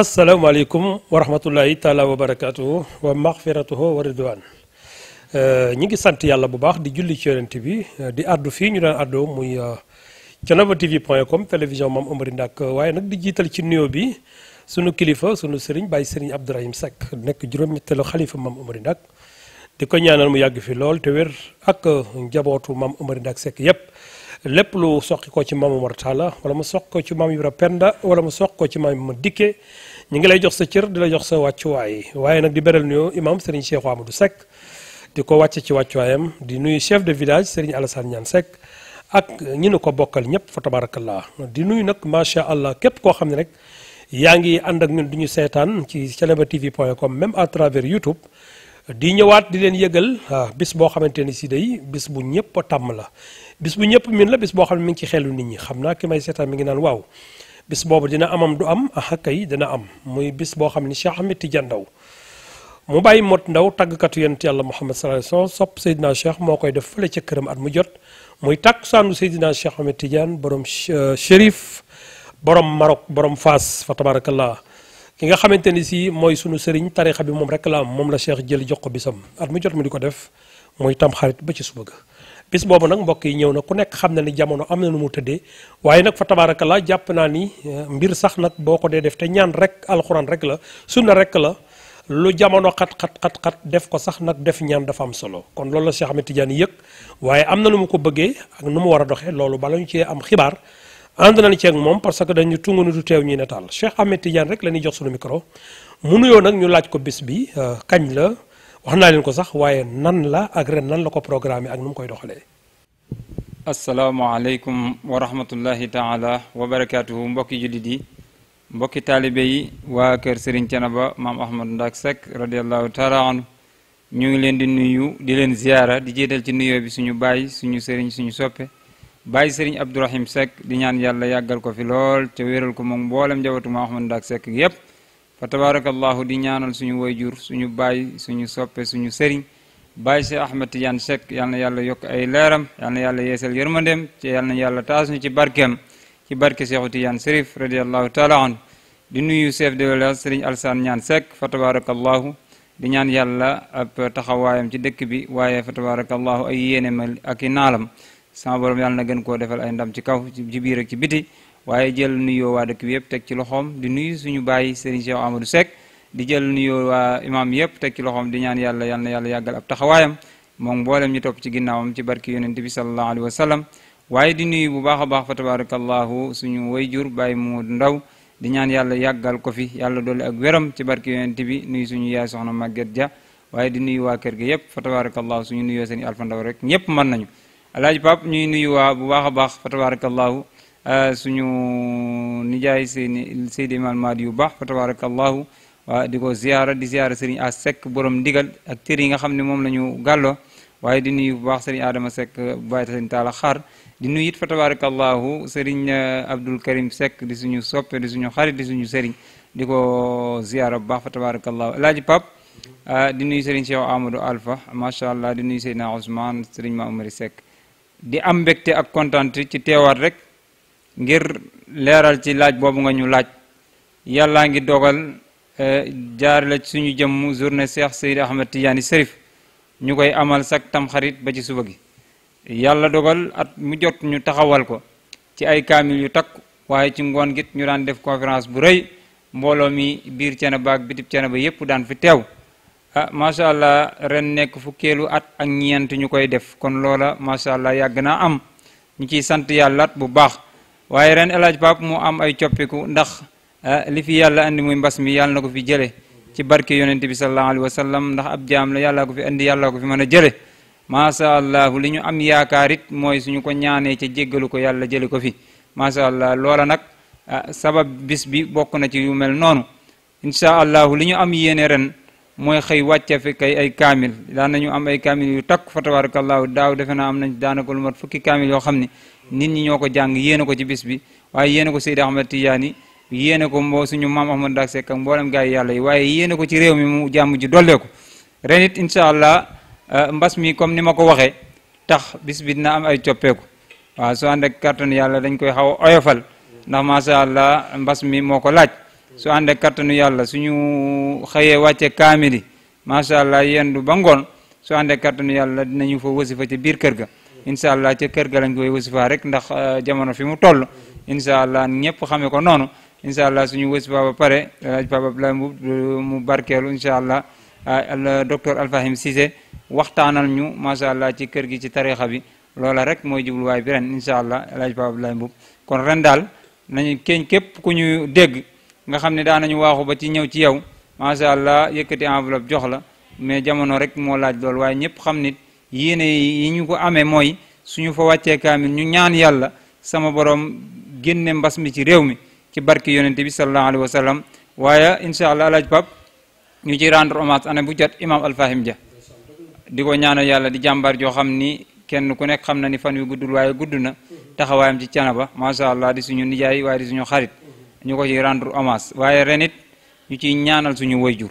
asalaamaaleykum wa rahmatullahi taala wa barakaatuhu wa maxfiratuhu wa ridwan euh, ñi ngi sant yàlla bu baax di julli ci yonent bi di addu fii ñu daan addoo muy euh, Thiénaba TV point com télévision Mame Omary Ndak waaye nag di jiital ci nuyoo bi sunu kilifa sunu sëriñ Baye sëriñ Abdourahim Seck nekk juróom-ñetteelu xalifa Mame Omary Ndak di ko ñaanal mu yàgg fi lool te wér ak njabootu maam Amary Ndak Seck yépp lépp lu soqi ko ci maam Omar Talla wala mu soq ko ci maam Ibra Penda wala mu soq ko ci maam ma dikke ñu ngi lay jox sa cër di la jox sa wàccuwaay waaye nag di beral nuyoo imam Serigne Cheikh du Seck di ko wàcce ci wàccuwaayam di nuyu chef de village Serigne Alassane Niane Seck ak ñu nu ko bokkal ñëpp fa tabarakallah di nuyu nag macha allah képp koo xam ne rek yaa ngi ànd ak ñun du ñu seetaan ci thiénaba tv point com même à travers YouTube di ñëwaat di leen yëgal bis boo xamante ni si dey bis bu ñëpp a tàmm la bis bu ñëpp min la bis boo xam ne mi ngi ci xelu nit ñi xam naa ki may seetaan mi ngi naan waaw bis boobu dina amam du am ah kay dina am muy bis boo xam ni Cheikh a Tidiane Ndao mu bàyyi mot ndaw tàggkatu yonent yàlla Muhammad sallallahu alayhi wasallam sopp Seydina Cheikh moo koy def fële ca këram at mu jot muy takk tàkkusaanu Seydina Cheikh Ahmed Tidiane borom euh, Chérif borom Maroc borom Fass fa tabarakallah ki nga xamante ni sii mooy sunu sëriñ tarixa bi moom rek la am moom la cheikh jël jox ko bisam at mu jot mu di ko def muy tam xarit ba ci suba ga bis boobu nag mbokk yi ñëw na ku nekk xam na ni jamono am na nu mu tëddee waaye nag fa tabaaraka jàpp naa ni eh, mbir sax nag boo ko dee def te ñaan rek alxuraan rek la su sunna rek la lu jamono xat xat xat xat def ko sax nag def ñaan dafa am solo kon loolu la Cheikh Ahmed Tidiane yëg waaye am na lu mu ko bëggee ak nu mu war a doxee loolu bala ñu cee am xibaar ànd nañ ci ak moom parce que dañu tungu nu du teew ñuy nataal Cheikh Ahmed Tidiane rek la ñuy jox suñu micro mu nuyoo nag ñu laaj ko bis bi euh, kañ la wax naa leen ko sax waaye nan la ak ren nan la ko programme ak nu mu koy doxalee. asalaamaaleykum wa rahmatullahi taala wa barakaatuhu mbokki jullit yi mbokki taalibe yi waa kër Serigne Thiénaba maam Ahmad Ndak Seck radiallahu taala anhu ñu ngi leen di nuyu di leen ziyaara di jiital ci nuyoo bi suñu baay suñu sëriñ suñu soppe. bàyyi sëriñ Abdourahim Seck di ñaan yàlla yàggal ko fi lool ca wéral ko moom mboolem njabootu ma Ahmad Ndaak Seck yépp fa tabarakallahu di ñaanal suñu wayjur suñu baay suñu soppe suñu sëriñ bàyyi si Ahmad Tidiane Seck yal na yàlla yokk ay leeram yal na yàlla yeesal yërmandeem te yal na yàlla taas ñu ci barkeem ci barke Seexu Tidiane Sérif radiallahu taala an di nuyu chef de village sëriñ Alsaan ñaan Seck fa tabarakallahu di ñaan yàlla ab taxawaayam ci dëkk bi waaye fa tabarakallahu ay yéeneem sama borom yàlla na gën koo defal ay ndam ci kaw ci biir ak ci biti waaye jël nuyoo waa dëkk yëpp teg ci loxoom di nuyu suñu bàyyi Serigne Cheikh Amadou sek di jël nuyoo waa imaam yëpp teg ci loxoom di ñaan yàlla yal na yàlla yàggal ab taxawaayam moom mboolem ñu topp ci ginnaawam ci barki yonent bi sallallahu alayhi wa sallam waaye di nuyu bu baax a baax fa tabarakallahu suñu wayjur bàyyi mu ndaw di ñaan yàlla yàggal ko fi yàlla dolli ak wéram ci barki yonent bi nuyu suñu yaay soxna Maguette Dia waaye di nuyu waa kër gi yëpp fa tabarakallahu suñu nuyoo seen i rek ñëpp mën nañu alaaji Pape ñuy nuyu waa bu baax a baax fa tabarakallahu euh, suñu nijaay seen Seydi Imaam yu baax fa tabarakallahu waa di ko ziyaara di ziyaara sëriñ a sekk borom ndigal ak tër yi nga xam ne moom la ñu gàlloo waaye di nuyu bu baax seriñ Adama Seck bu bàyyi sëriñ Taala Xaar di nuyu it fa tabarakallahu sëriñ euh, Abdul Karim Seck di suñu soppe di suñu xarit di suñu sëriñ di ko ziyaara bu baax fa tabarakallahu alaaji Pape euh, di nuyu sëriñ Cheikh Amadou alfa macha allah di nuyu Seydina Ousmane sëriñ Ma Omari Seck di am mbégte ak kontaan ci teewaat rek ngir leeral ci laaj boobu nga ñu laaj yàllaa ngi dogal eh, jaar la suñu jëmm journée Cheikh Seydi Ahmed Tidiane Cherif ñu koy amal sak tamxarit ba ci suba gi yàlla dogal at mu jot ñu taxawal ko ci ay kaamil yu takk waaye ci ngoon git ñu daan def conférence bu rëy mbooloo mi biir cene baag bitib cene ba yépp daan fi teew ah macha allah ren nekk fukkeelu at ak ñeent ñu koy def kon loola macha allah yàgg naa am ñu ciy sant yàlla bu baax waaye ren El Hadj mu am ay coppiku ndax ah, li fi yàlla andi muy mbas mi yàlla na ko fi jële ci barke yonent bi sallallahu alayhi wa sallam ndax ab jaam la yàllaa ko fi andi yàllaa ko fi mën a jële macha allah li ñu am yaakaar it mooy suñu ko ñaanee ci jéggalu ko yàlla jële ko fi macha allah loola nag ah, sabab bis bi bokk na ci yu noonu incha allah mooy xëy wàcce fi kay ay kaamil daan nañu am ay kaamil yu takk fa tabaarakallaahu daaw defe naa am nañ daanaka lu mat fukki kaamil yoo xam ne nit ñi ñoo ko jàng yéene ko ci bis bi waaye yéene ko Seydi ko mboo suñu maam Ahmad Dak Seck ak mboolem gaa yi yàlla yi ko ci réew mi mu jàmm ji dolleeku ren it incha allah eh, mbas mi comme ni ma ko waxee tax bis bi dina am ay coppeeku waaw su ànd ak kàttan yàlla dañ koy xaw a oyofal ndax macha allah mbas mi moo ko laaj su ànd ak kattanu yàlla suñu xëyee wàcce kaamili macha allah yendu ba ngoon su ànd ak kattanu yàlla dinañu fa wasifa ci biir kër ga incha allah ca kër ga lañ koy wasifaa rek ndax euh, jamono fi mu toll incha allah ñëpp xamee ko noonu incha allah suñu wasifaa ba pare laaj Papa Abdoulaye Mbuub mu barkeelu incha allah docteur Alfahim sise waxtaanal ñu macha allah ci kër gi ci tarixa bi loola rek mooy jubluwaay bi ren incha allah laaj Papa Abdoulaye Mbuub kon ren daal nañu keñ képp ku ñu dégg nga xam ne daanañu waaxu ba ci ñëw ci yow macha allah yëkkati enveloppe jox la mais jamono rek moo laaj lool waaye ñëpp xam nit yéene yi ñu ko amee mooy suñu fa wàccee kaamil ñu ñaan yàlla sama borom génne mbas mi ci réew mi ci barke yonente bi sallallahu alayhi wa sallam waaye incha allah alaaj pap ñu ci rendre hommage année bu jot imam alfahim ja di ko ñaanal yàlla di jàmbaar joo xam ni kenn ku nekk xam na ni fan wi guddul waaye gudd na taxawaayam ci canaba macha allah di suñu nijaay waaye suñu xarit ñu ko ci rendre hommage waaye ren it ñu ciy ñaanal suñu wayju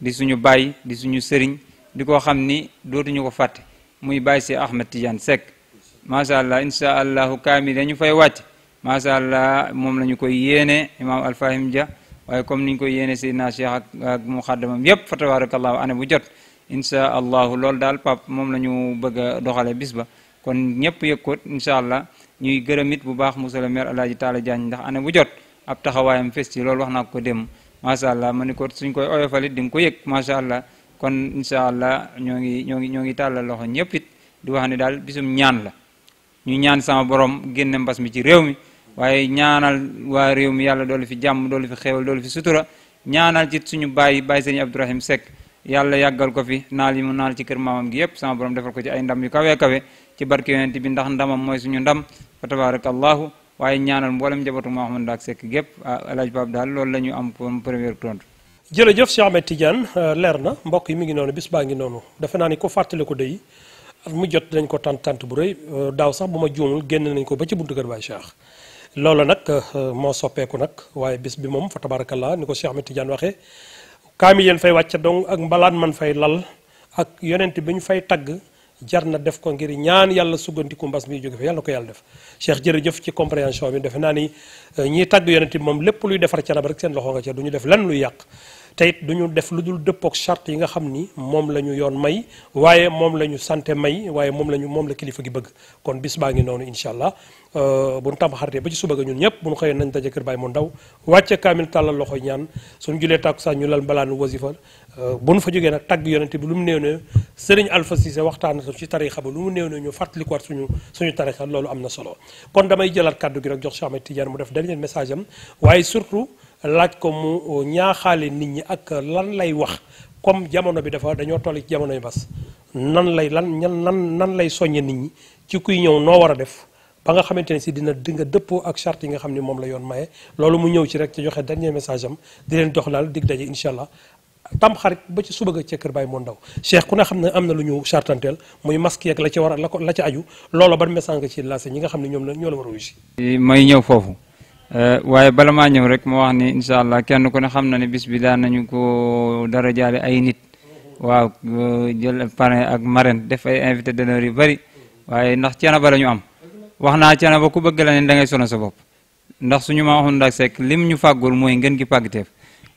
di suñu baay di suñu sëriñ di ko xam ni dootuñu ko fàtte muy baay si Ahmed Tidiane Seck macha allah incha allahu kaamil dañu fay wàcc macha allah moom la ñu koy yéene imaam Alfahim Dia waaye comme ñu koy yéene Seydina Cheikh mu ak muxaddamam yëpp fa tabarakallahu année bu jot incha allahu loolu daal pap moom la ñu bëgg a doxalee bis ba kon ñëpp yëg ko incha allah ñuy gërëm it bu baax monsieur le maire Alaaji Taala ndax année bu jot. ab taxawaayam fes ci loolu wax naa ko dem macha allah ma ni ko suñ koy oyofalit di nga ko yëg macha allah kon incha allah ñoo ngi ñoo ngi ñoo ngi tàllal loxo ñëpp it di wax ne daal bisum ñaan la ñu ñaan sama borom génne mbas mi ci réew mi waaye ñaanal waa réew mi yàlla doolu fi jàmm doolu fi xéewal doolu fi sutura ñaanal ci suñu bàyyi bàyyi sëñ Abdourahim Seck yàlla yàggal ko fi naal yi mu naal ci kër maamam gi yëpp sama borom defal ko ci ay ndam yu kawe kawe ci barke yonent bi ndax ndamam mooy suñu ndam fa tabaarakallahu waaye ñaanal mboolem njabootu Mouhamadou Ndack Seck gépp alaaj ah, Pape daal loolu la ñu am comme première tontu. jërëjëf Cheikh Ahmed Tidiane euh, leer na mbokk yi mi ngi noonu bis baa ngi noonu defe naa ni ko fàttale ko dëy at mu jot dañ ko tant tant bu rëy euh, daaw sax bu ma juumul génn nañ ko ba ci buntu kër Baye Cheikh loolu nag euh, moo soppeeku nag waaye bis bi moom fa tabarakallah ni ko Cheikh Ahmed Tidiane waxee kaami yéen fay wàcce dong ak mbalaan man fay lal ak yonent bi ñu fay tagg jar na def ko ngir ñaan yàlla suggandiku mbas mi jóge fa yàlla na ko yàlla def Cheikh jërëjëf ci compréhension bi defe naa ni eh, ñiy tàgg yonent moom lépp luy defar canaba rek seen loxo nga ca du ñu def lan luy yàq te du ñu def lu dul dëppook charte yi nga xam ni moom la ñu yoon may waaye moom la ñu santé may waaye moom la ñu moom la kilifa gi bëgg kon bis baa ngi noonu incha allah euh, bu nu tàmbaxartee ba ci suba ga ñun ñëpp bu nu xëyee nañ daje kër Baye mu ndaw wàcce kaamil tàllal loxo ñaan suñu julee sax ñu lal mbalaanu wasifa euh, bu nu fa jógee nag tagg yonente bi lu mu néew ne sëriñ Alpha Cissé waxtaan ci tarixa ba lu mu néew ne ñu fàttalikuwaat suñu suñu tarixa loolu am na solo kon damay jëlaat kàddu gi rek jox Cheikh Ahmed Tidiane mu def dernier message am laaj ko mu ñaaxaale nit ñi ak lan lay wax comme jamono bi dafa dañoo toll ci jamono bas nan lay lan ñan nan nan lay soññe nit ñi ci kuy ñëw noo war a def ba nga xamante ne si dina di nga dëppoo ak charte yi nga xam ne moom la yoon maye loolu mu ñëw ci rek ci joxe dernier message di leen dox laal dig daje incha allah tam xarit ba ci suba ga ca kër Baye moo ndaw Cheikh ku ne xam ne am na lu ñu chartanteel muy masque yeeg la ci war a la la ci aju loola ban message nga ci lancé ñi nga xam ne ñoom la ñoo la war a wuyu si. may ñëw foofu. Eh, waaye bala maa ñëw rek moo wax ni incha allah kenn ku ne xam na ne bis bi daan nañu koo dara jaale ay nit waaw eh, jël parrain ak marraine def ay invité d'honneur yu bari waaye ndax Thiénaba la ñu am wax naa Thiénaba ku bëgg la ne da ngay sa bopp ndax suñu ma waxoon nag sekk lim ñu fàggul mooy ngeen gi pàggteef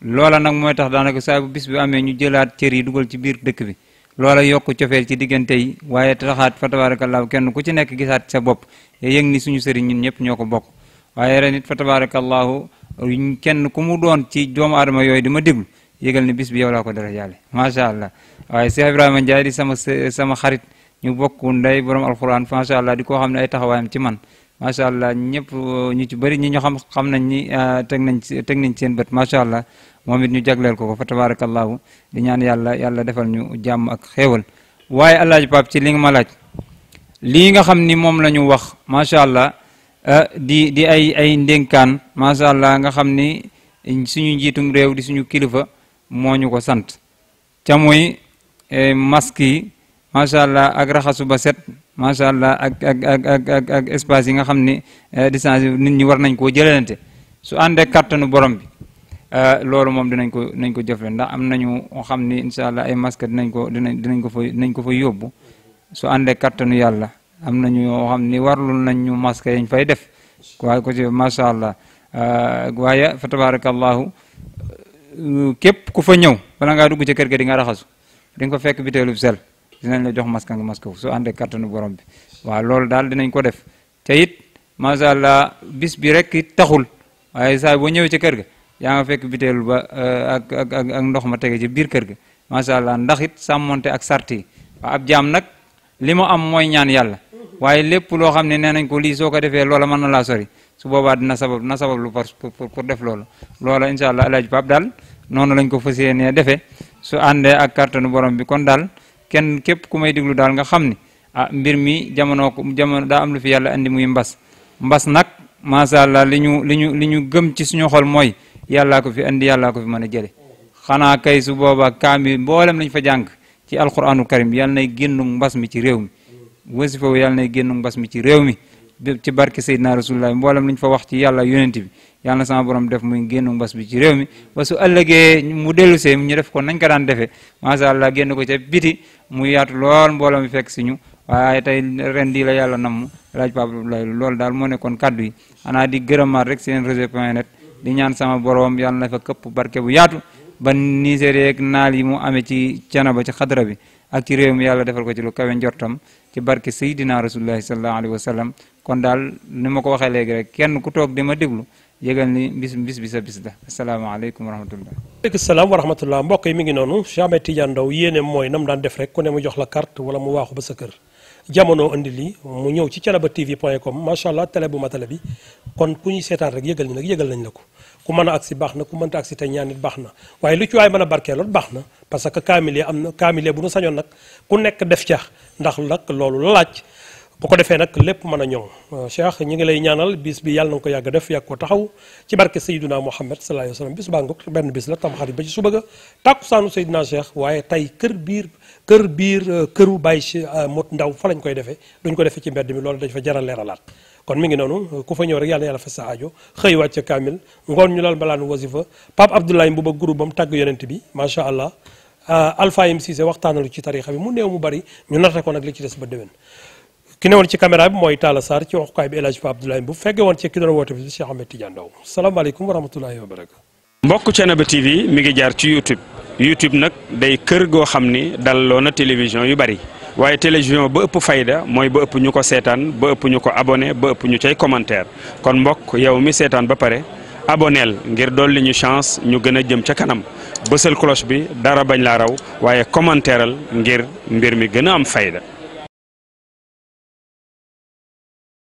loola nag mooy tax daanaka saa bu bis bi amee ñu jëlaat cër yi dugal ci biir dëkk bi loola yokk cofeel ci diggante yi waaye taxaat fa tabaarakallaahu kenn ku ci nekk gisaat sa bopp te yëg suñu sëriñ ñëpp ñoo ko bokk waaye ren it fa tabarakallahu kenn ku mu doon ci doomu aadama yooyu di ma déglu yégal ne bis bi yow laa ko dara jàlle macha allah waaye Cheikh Ibrahima Ndiaye di sama sama xarit ñu bokk nday borom alquran macha allah di ko xam ne ay taxawaayam ci man macha allah ñëpp ñu ci bëri ñi ñu xam xam nañ ni ah, teg nañ teg nañ seen bët macha allah moom it ñu jagleel ko ko fa tabarakallahu di ñaan yàlla yàlla defal ñu jàmm ak xéewal waaye alaaji Pape ci li nga ma laaj lii nga xam ni moom la ñu wax macha allah Eh, di di ay ay ndénkaan macha allah nga xam ni suñu njiitum réew di suñu kilifa moo ñu ko sant ca muy eh, masque yi macha allah ak raxasu ba set macha allah ak ak ak espace yi nga xam ni eh, distance nit ñi war nañ koo jëlante su àndee kàttanu borom bi loolu moom dinañ ko dinañ ko jëfle ndax am nañu xam ni incha allah ay masque dinañ ko dinañ dinañ ko fa dinañ ko fa yóbbu su àndee kàttanu yàlla. am na ñoo xam ni warlul nañ ñu masque yañ fay def waaye ko ci macha allah ah, waaye fa tabarakallahu képp ku fa ñëw bala ngaa dugg ci kër ga di nga raxasu di nga ko fekk bi sel dinañ la jox masque nga masque wu su àndee kattanu borom bi waaw loolu daal dinañ ko def te it macha allah bis bi rek it taxul waaye saa boo ñëwee ci kër ga yaa nga fekk biteel ba ah, ak ak ndox ma tege ci biir kër ga macha allah ndax it sàmmonte ak sarti yi waaw ab jaam nag li am mooy ñaan yàlla waaye lépp loo xam ne nee nañ ko lii soo ko defee loola mën na laa sori su boobaa dina sabab na sabab lu par pour def loolu loola incha allah alaaji Pape daal noonu lañ ko fas yéenee defee su àndee ak kàttanu borom bi kon daal kenn képp ku may diglu daal nga xam ni a ah, mbir mi jamono ko daa am lu fi yalla andi muy mbas mbas nag macha allah li ñu li ñu li ñu gëm ci suñu xol mooy yàllaa ko fi andi yàllaa ko fi mën a jële xanaa kay su boobaa kaam bi mboolem lañ fa jàng ci alquranul karim mbas mi ci mi wasi foofu yàlla nay génn mbas mi ci réew mi ci barke Seydina Rasulullah mboolem lu fa wax ci yàlla yonent bi yàlla na sama borom def muy génn mbas bi ci réew mi ba su ëllëgee mu dellu see ñu def ko nañ ko daan defee macha allah génn ko ca biti mu yaatu lool mbooloo mi fekk si ñu waaye tey ren di la yàlla namm laaj Pape Abdoulaye loolu daal moo nekkoon kaddu yi xanaa di gërëmaat rek seen réseau point net di ñaan sama borom yàlla na fa këpp barke bu yaatu. ba Niger yeeg naal yi mu amee ci canaba ci xadra bi ak ci réew mi yàlla defal ko ci lu kawe njortam ci barke Seydina Rasulullahi sallallahu alayhi wa sallam kon daal ni ma ko waxee léegi rek kenn ku toog di ma déglu yëgal ni bis bis bi sa bis la asalaamaaleykum wa salaam wa rahmatullah mbokk yi mi ngi noonu Cheikh Ahmed Tidiane Ndao yéene mooy nam daan def rek ku ne mu jox la carte wala mu waaxu ba sa kër jamono andi lii mu ñëw ci canaba tv point com macha allah tele bu matale bi kon ku ñuy seetaan rek yëgal ñu nag yëgal nañ la ko ku mën a agsi baax na ku mënta agsi tey ñaan it baax na waaye lu ci waay mën a barkeeloon baax na parce que kaamil am na kaamil bu nu sañoon nag ku nekk def ca ndax nag loolu la laaj bu ko defee nag lépp mën a ñoŋ euh, Cheikh ñu ngi lay ñaanal bis bi yàlla na nga ko yàgg def yàgg ko taxaw ci barke Seydina Muhammad sallallahu alayhi wa sallam bis baa ngoog benn bis la tam xarit ba ci suba ga tàkkusaanu Seydina Cheikh waaye tey kër biir kër biir euh, këru Baye euh, Mot Ndaw fa lañ koy defee duñ ko defee ci mbedd mi loolu dañ fa jaral leeralaat kon mi ngi noonu ku fa ñëw rek yàlla yàlla fa sa aajo xëy wàcc kaamil ngoon ñu lal mbalaanu wasifa Pape Abdoulaye Mbouba groupe bam tàgg yonent bi macha allah ah, Alpha Yim Cissé waxtaanalu ci tarixa bi mu néew mu bari ñu nata ko nag li ci des ba déwén ki newoon ci caméra bi mooy Talla Sarr ci waxukaay bi El Hadj Pape Abdoulaye Mbouba fekke woon ci ki doon woote bi Cheikh Ahmed Tidiane Ndao salaamaaleykum wa rahmatullahi wa barakatu mbokk Thiénaba TV ngi jaar ci YouTube YouTube nag day kër goo xam ni dalloo na télévision yu bari waaye télévision ba ëpp fayda mooy ba ëpp ñu ko seetaan ba ëpp ñu ko abonné ba ëpp ñu cey commentaire kon mbokk yow mi seetaan ba pare aboneel ngir dolli ñu chance ñu gën a jëm ca kanam bësal cloche bi dara bañ la raw waaye commentaireal ngir mbir mi gën a am fayda